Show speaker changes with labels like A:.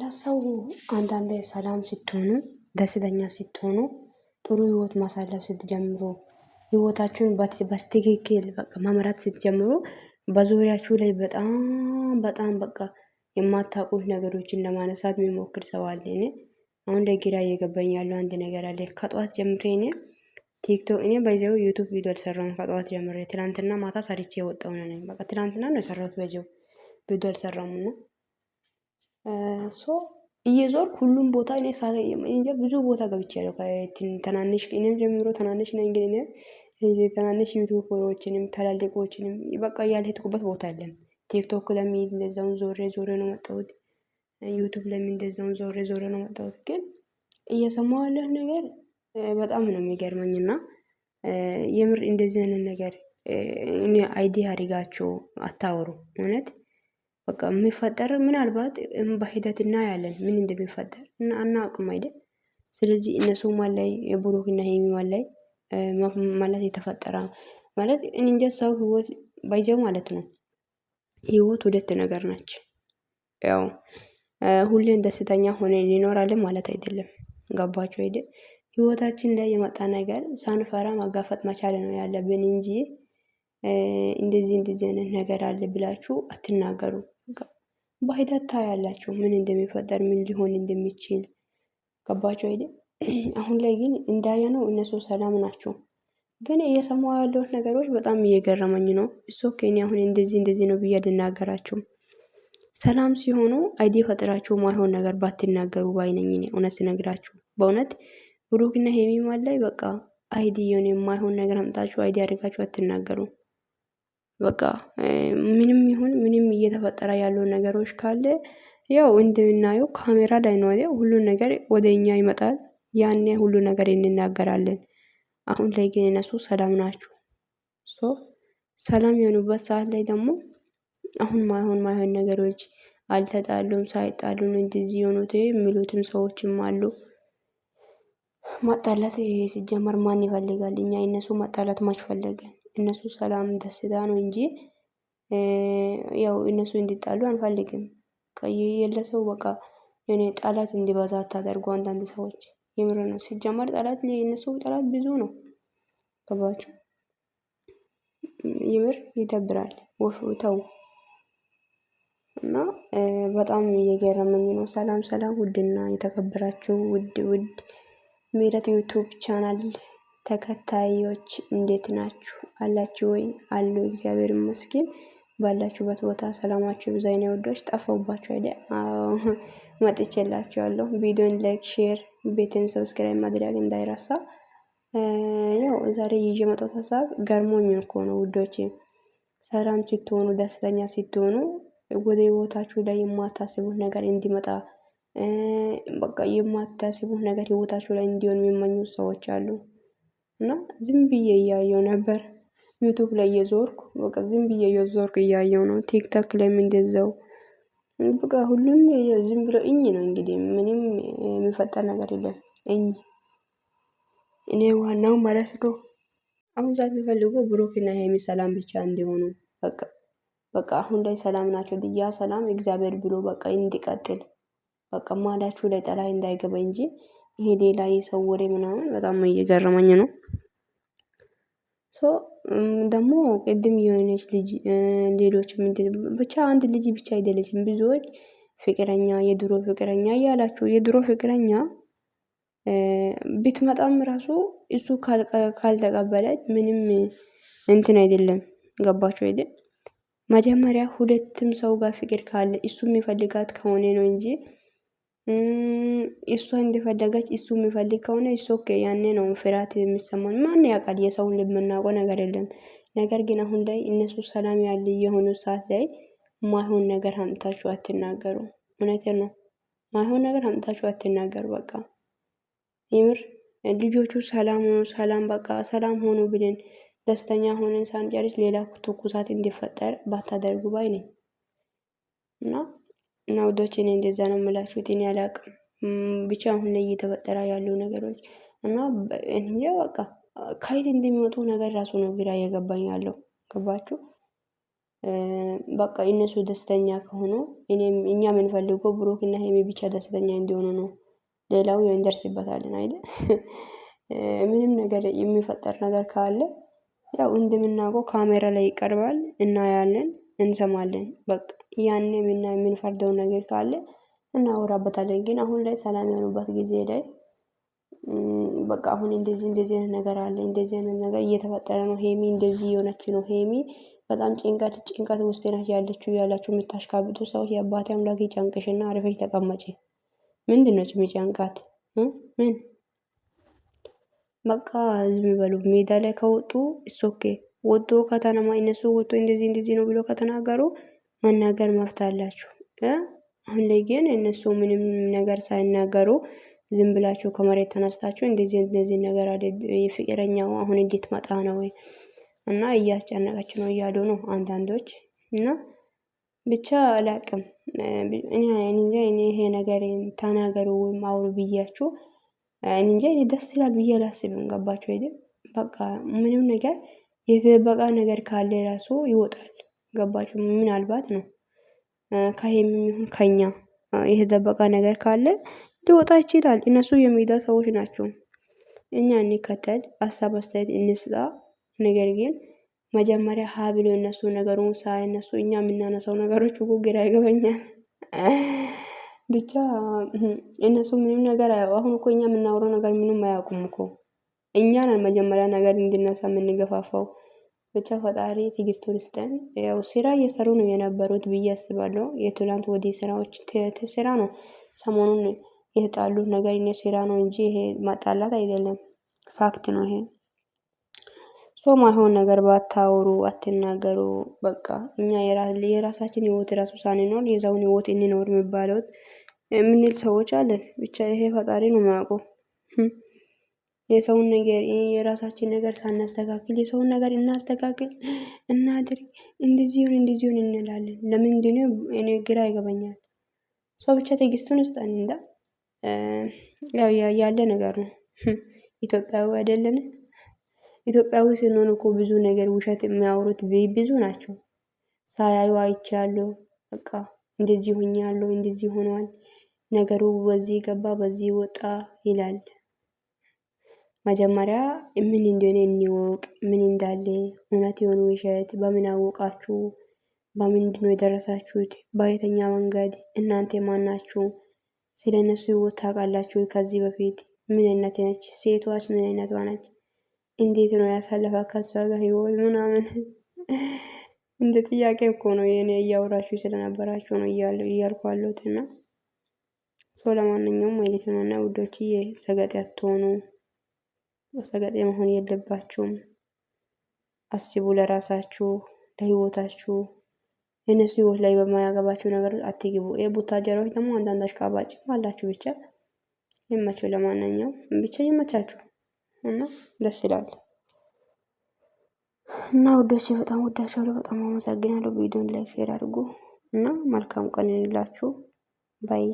A: ለሰው አንዳንዴ ሰላም ስትሆኑ ደስተኛ ስትሆኑ ጥሩ ህይወት ማሳለፍ ስትጀምሩ ህይወታችሁን በስትክክል በቃ መምራት ስትጀምሩ በዙሪያችሁ ላይ በጣም በጣም በቃ የማታውቁት ነገሮችን ለማነሳት የሚሞክር ሰው አለ። እኔ አሁን ላይ እየገባኝ ያለው አንድ ነገር አለ። ከጠዋት ጀምሬ እኔ ቲክቶክ እኔ በዚው ዩቱብ ቪዲዮ አልሰራሁም። ከጠዋት ጀምሬ ትላንትና ማታ ሰርቼ የወጣው ነኝ። በቃ ትላንትና ነው የሰራሁት። በዚው ቪዲዮ አልሰራሁም እና ሶ እየዞርኩ ሁሉም ቦታ እኔ ሳላ ብዙ ቦታ ገብቻለሁ። ትናንሽ እኔም ጀምሮ ትናንሽ ነኝ ግን እኔም ትናንሽ ዩቲዩበሮችንም ታላልቆችንም በቃ ያልሄድኩበት ቦታ የለም። ቲክቶክ ላይም እንደዛውን ዞሬ ዞሬ ነው መጣሁት። ዩቱብ ላይም እንደዛውን ዞሬ ዞሬ ነው መጣሁት። ግን እየሰማሁ ያለህ ነገር በጣም ነው የሚገርመኝ። እና የምር እንደዚህ አይነት ነገር እኔ አይዲያ አድርጋችሁ አታውሩ እውነት በቃ የሚፈጠር ምናልባት በሂደት እናያለን ምን እንደሚፈጠር አናውቅም አይደል? ስለዚህ እነሱ ማል ላይ ብሩክና ሄሚ ማል ላይ ማለት የተፈጠረ ማለት እንጃ ሰው ህይወት ባይዘው ማለት ነው። ህይወት ሁለት ነገር ናች። ያው ሁሌን ደስተኛ ሆነ ይኖራል ማለት አይደለም። ገባችሁ አይደል? ህይወታችን ላይ የመጣ ነገር ሳንፈራ ማጋፈጥ መቻል ነው ያለብን እንጂ እንደዚህ እንደዚህ አይነት ነገር አለ ብላችሁ አትናገሩ። በሂደት ታያላችሁ ምን እንደሚፈጠር ምን ሊሆን እንደሚችል ገባቸው አይደል? አሁን ላይ ግን ነው እነሱ ሰላም ናቸው። ግን እየሰማሁ ያለሁት ነገሮች በጣም እየገረመኝ ነው። እሱ ኦኬ እኔ አሁን እንደዚህ እንደዚህ ነው ብዬ አልናገራችሁም። ሰላም ሲሆኑ አይዲ ፈጥራችሁ ማይሆን ነገር ባትናገሩ ባይነኝ እኔ እውነት ስነግራችሁ በእውነት ብሩክና ሄሚ ማላይ በቃ አይዲ የሆነ የማይሆን ነገር አምጣችሁ አይዲ አድርጋችሁ አትናገሩ። በቃ ምንም ይሁን ምንም እየተፈጠረ ያለው ነገሮች ካለ ያው እንደምናየው ካሜራ ላይ ነው አይደል? ሁሉን ነገር ወደ እኛ ይመጣል። ያኔ ሁሉ ነገር እንናገራለን። አሁን ላይ ግን እነሱ ሰላም ናቸው። ሶ ሰላም የሆኑበት ሰዓት ላይ ደግሞ አሁን ማይሆን ማይሆን ነገሮች አልተጣሉም፣ ሳይጣሉን እንደዚህ የሆኑት የሚሉትም ሰዎችም አሉ። ማጣላት ሲጀመር ማን ይፈልጋል? እኛ እነሱ ማጣላት ማች ፈለገን እነሱ ሰላም ደስታ ነው እንጂ ያው እነሱ እንዲጣሉ አንፈልግም። ከየለሰው በቃ የኔ ጠላት እንዲበዛ አታደርጉ። አንዳንድ ሰዎች የምር ነው ሲጀመር ጠላት የእነሱ ጠላት ብዙ ነው። ገባችሁ? ይምር ይደብራል። ወፍተው እና በጣም እየገረመኝ ነው። ሰላም ሰላም! ውድና የተከበራችሁ ውድ ውድ ምህረት ዩቱብ ቻናል ተከታዮች እንዴት ናችሁ? አላችሁ ወይ? አሉ እግዚአብሔር ይመስገን። ባላችሁበት ቦታ ሰላማችሁ ብዙ አይነት ወዶች ጠፋውባችሁ አይደል? አዎ መጥቼላችኋለሁ። ቪዲዮን ላይክ፣ ሼር፣ ቤትን ሰብስክራይብ ማድረግ እንዳይረሳ። ያው ዛሬ ይዤ መጣሁት ሀሳብ ገርሞኝ እኮ ነው ውዶቼ። ሰላም ስትሆኑ፣ ደስተኛ ስትሆኑ ወደ ህይወታችሁ ላይ የማታስቡት ነገር እንዲመጣ በቃ የማታስቡት ነገር ህይወታችሁ ላይ እንዲሆን የሚመኙ ሰዎች አሉ። እና ዝም ብዬ እያየው ነበር። ዩቱብ ላይ እየዞርኩ በቃ ዝም ብዬ እየዞርኩ እያየው ነው። ቲክቶክ ላይም እንደዛው በቃ ሁሉም ዝም ብሎ እኝ ነው እንግዲህ ምንም የሚፈጠር ነገር የለም። እኝ እኔ ዋናው ማለት ነው። አሁን ሰዓት የሚፈልጉ ብሩክና ሀይሚ ሰላም ብቻ እንዲሆኑ በቃ በቃ አሁን ላይ ሰላም ናቸው። ድያ ሰላም እግዚአብሔር ብሎ በቃ እንዲቀጥል በቃ ማዳችሁ ላይ ጠላይ እንዳይገባ እንጂ ይሄ ሌላ የሰው ወሬ ምናምን በጣም እየገረመኝ ነው። ሶ ደግሞ ቅድም የሆነች ልጅ ሌሎችም ብቻ አንድ ልጅ ብቻ አይደለችም። ብዙዎች ፍቅረኛ የድሮ ፍቅረኛ እያላችሁ የድሮ ፍቅረኛ ብትመጣም ራሱ እሱ ካልተቀበለች ምንም እንትን አይደለም። ገባችሁ አይደል? መጀመሪያ ሁለትም ሰው ጋር ፍቅር ካለ እሱ የሚፈልጋት ከሆነ ነው እንጂ እሷ እንደፈለገች እሱ የሚፈልግ ከሆነ እሱ ኦኬ፣ ያኔ ነው ፍርሃት የሚሰማን። ማን ያውቃል? የሰውን ልብ የምናውቀው ነገር የለም። ነገር ግን አሁን ላይ እነሱ ሰላም ያለ የሆኑ ሰዓት ላይ ማይሆን ነገር ሀምታችሁ አትናገሩ። እውነት ነው፣ ማይሆን ነገር ሀምታችሁ አትናገሩ። በቃ ይምር ልጆቹ ሰላም ሆኑ፣ ሰላም በቃ ሰላም ሆኑ ብለን ደስተኛ ሆነን ሳንጨርስ ሌላ ትኩሳት እንዲፈጠር ባታደርጉ ባይ ነኝ እና እና ውዶች እኔ እንደዛ ነው የምላችሁት። እኔ አላቅም ብቻ አሁን ላይ እየተፈጠረ ያሉ ነገሮች እና እንጃ በቃ ከየት እንደሚመጡ ነገር ራሱ ነው ግራ እየገባኝ ያለው። ገባችሁ? በቃ እነሱ ደስተኛ ከሆኑ እኔም እኛ የምንፈልገው እና ሄሜ ብቻ ደስተኛ እንዲሆኑ ነው። ሌላው እንደርስበታለን አይደል? ምንም ነገር የሚፈጠር ነገር ካለ ያው እንደምናውቀው ካሜራ ላይ ይቀርባል፣ እናያለን፣ እንሰማለን በቃ ያን ምና የምንፈርደው ነገር ካለ እናወራበታለን። ግን አሁን ላይ ሰላም የሆኑበት ጊዜ ላይ በቃ አሁን እንደዚህ እንደዚህ አይነት ነገር አለ፣ እንደዚህ አይነት ነገር እየተፈጠረ ነው፣ ሄሚ እንደዚህ የሆነች ነው፣ ሄሚ በጣም ጭንቀት ጭንቀት ውስጥ ናት ያለችው ያላችሁ የምታሽካብጡ ሰዎች የአባቴ አምላክ ይጨንቅሽና አርፈሽ ተቀመጪ። ምንድን ነው የሚጨንቃት? ምን በቃ ዝም ይበሉ። ሜዳ ላይ ከወጡ እሶኬ ወጦ ከተነማ እነሱ ወጦ እንደዚህ እንደዚህ ነው ብሎ ከተናገሩ መናገር መብት አላችሁ። አሁን ላይ ግን እነሱ ምንም ነገር ሳይናገሩ ዝም ብላችሁ ከመሬት ተነስታችሁ እንደዚህ እንደዚህ ነገር የፍቅረኛው አሁን እንዴት መጣ ነው ወይ እና እያስጨነቀች ነው እያሉ ነው አንዳንዶች እና ብቻ አላቅም። እኔ ይሄ ነገር ተናገሩ ወይም አውሩ ብያችሁ እንጃ እኔ ደስ ይላል ብዬ አላስብም። ገባችሁ? በቃ ምንም ነገር የተደበቀ ነገር ካለ ራሱ ይወጣል። ገባችሁ? ምናልባት ነው ከሄም ከኛ የተደበቀ ነገር ካለ ሊወጣ ይችላል። እነሱ የሚዲያ ሰዎች ናቸው። እኛ እንከተል፣ ሀሳብ አስተያየት እንስጣ። ነገር ግን መጀመሪያ ሀ ብሎ እነሱ ነገሩን እነሱ እኛ የምናነሳው ነገሮች ጉግር አይገበኛል። ብቻ እነሱ ምንም ነገር አሁን እኮ እኛ የምናውረው ነገር ምንም አያውቁም እኮ እኛን መጀመሪያ ነገር እንድነሳ የምንገፋፋው ብቻ ፈጣሪ ትግስት ይስጠን። ያው ስራ እየሰሩ ነው የነበሩት ብዬ አስባለሁ። የትላንት ወዲህ ስራዎች ስራ ነው። ሰሞኑን የተጣሉ ነገር እኔ ስራ ነው እንጂ ይሄ ማጣላት አይደለም፣ ፋክት ነው ይሄ። ሶም አይሆን ነገር ባታወሩ፣ አትናገሩ። በቃ እኛ የራሳችን ህይወት ራሱ ሳንኖር የዛውን ህይወት እንኖር የሚባለው የምንል ሰዎች አለን። ብቻ ይሄ ፈጣሪ ነው የሚያውቀው። የሰውን ነገር የራሳችን ነገር ሳናስተካክል የሰውን ነገር እናስተካክል እናድርግ እንደዚሁን እንዲዚሁን እንላለን። ለምንድነው እኔ ግራ ይገባኛል። ሰው ብቻ ትዕግስቱን ስጠን። እንዳ ያው ያለ ነገር ነው። ኢትዮጵያዊ አይደለን። ኢትዮጵያዊ ስንሆን እኮ ብዙ ነገር ውሸት የሚያወሩት ብዙ ናቸው። ሳያዩ አይቻለሁ። በቃ እንደዚህ ሆኛለሁ፣ እንደዚህ ሆኗል ነገሩ፣ በዚህ ገባ፣ በዚህ ወጣ ይላል። መጀመሪያ ምን እንደሆነ እንወቅ። ምን እንዳለ እውነት የሆኑ ውሸት በምን አወቃችሁ? ነው የደረሳችሁት? በየተኛ መንገድ? እናንተ ማናችሁ? ስለ እነሱ ህይወት ታውቃላችሁ? ከዚህ በፊት ምን አይነት ነች? ሴቷስ ምን አይነት ነች? እንዴት ነው ያሳለፈ ከሷ ጋር ህይወት ምናምን እንደ ጥያቄ እኮ ነው የኔ እያወራችሁ ስለነበራችሁ ነው እያልኩ ያለሁት እና ሰው ለማንኛውም ማለት ነው እና ውዶችዬ ሰገጥ ያትሆኑ ሰገጤ መሆን የለባችሁም። አስቡ፣ ለራሳችሁ ለህይወታችሁ። የእነሱ ህይወት ላይ በማያገባቸው ነገር አትግቡ። ይህ ቡታጀራዎች ደግሞ አንዳንድ አሽቃባጭም አላችሁ። ብቻ ይመቸው፣ ለማንኛውም ብቻ ይመቻችሁ እና ደስ ይላል እና ውዶች በጣም ወዳችኋለሁ፣ በጣም አመሰግናለሁ። ቪዲዮን ላይክ ሼር አድርጉ እና መልካም ቀን ይላችሁ ባይ